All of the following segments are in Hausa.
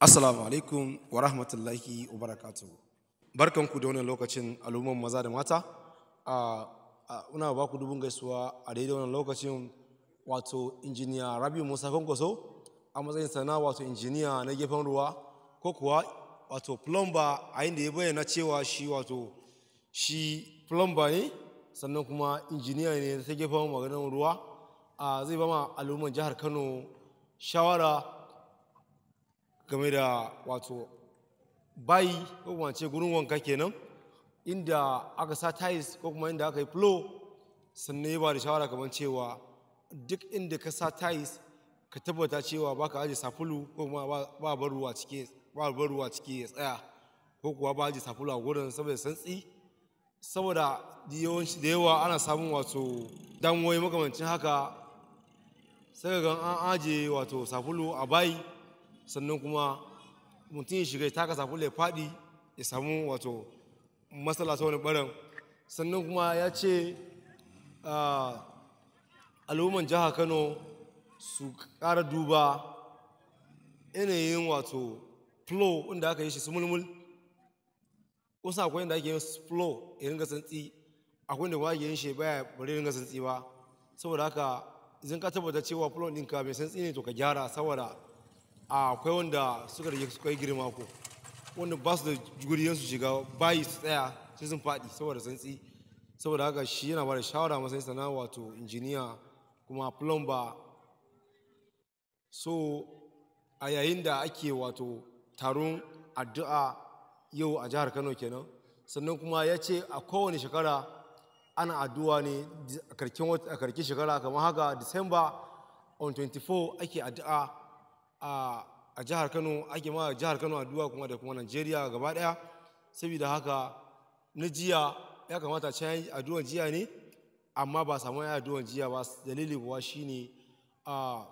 Assalamu alaikum wa rahmatullahi wa barakatuhu. Barkanku da wannan lokacin al'umman maza da mata. Ina ba ku dubun gaisuwa a daidai wannan lokacin wato injiniya Rabi Musa Kwankwaso a matsayin sana wato injiniya na gefen ruwa ko kuwa wato plumber a inda ya bayyana cewa shi wato shi plumber ne sannan kuma injiniya ne ta gefen maganin ruwa zai bama al'umman jihar Kano shawara game da wato bayi ko kuma ce gurin wanka kenan inda aka sa tiles ko kuma inda aka yi flow sannan ya ba da shawara kamar cewa duk inda ka sa tiles ka tabbata cewa ba ka aje safulu ko kuma ba bar ruwa ciki ba bar ruwa cike ya tsaya ko kuwa ba aje safulu a gurin saboda santsi saboda yawanci da yawa ana samun wato damuwoyi makamancin haka sai ga an aje wato safulu a bayi sannan kuma mutum ya shiga ya taka safula ya faɗi ya samu wato matsala ta wani ɓarin sannan kuma ya ce al'umman jihar kano su ƙara duba yanayin wato flow inda aka yi shi su mulmul wasu akwai inda ake yin flow ya ringa santsi akwai inda kuma ake yin shi baya bari ringa santsi ba saboda haka zan ka tabbata cewa flow ɗinka mai santsi ne to ka gyara saboda Ah, akwai wanda suka rage suka yi girma ko wanda ba su da guriyan su shiga bayi su tsaya sai sun faɗi saboda santsi saboda haka shi yana ba da shawara masai sana wato injiniya kuma plumba so a yayin da ake wato taron addu'a yau a jihar kano kenan sannan kuma ya ce a kowane shekara ana addu'a ne a karkin shekara kamar haka disamba on 24 ake addu'a a jihar kano ake ma jihar kano addu'a kuma da kuma najeriya gaba daya saboda haka na jiya ya kamata can addu'an jiya ne amma ba samu ya addu'an jiya ba dalili kuwa shine a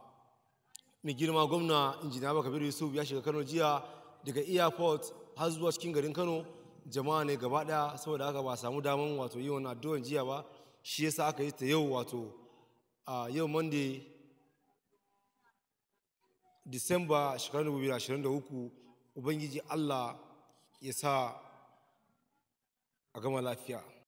mai girma gwamna injiniya ba kabiru yusuf ya shiga kano jiya daga airport har zuwa cikin garin kano jama'a ne gaba daya saboda haka ba samu daman wato yi wani addu'an jiya ba shi yasa aka yi ta yau wato yau monday disamba shekarar 2023 ubangiji allah ya sa a gama lafiya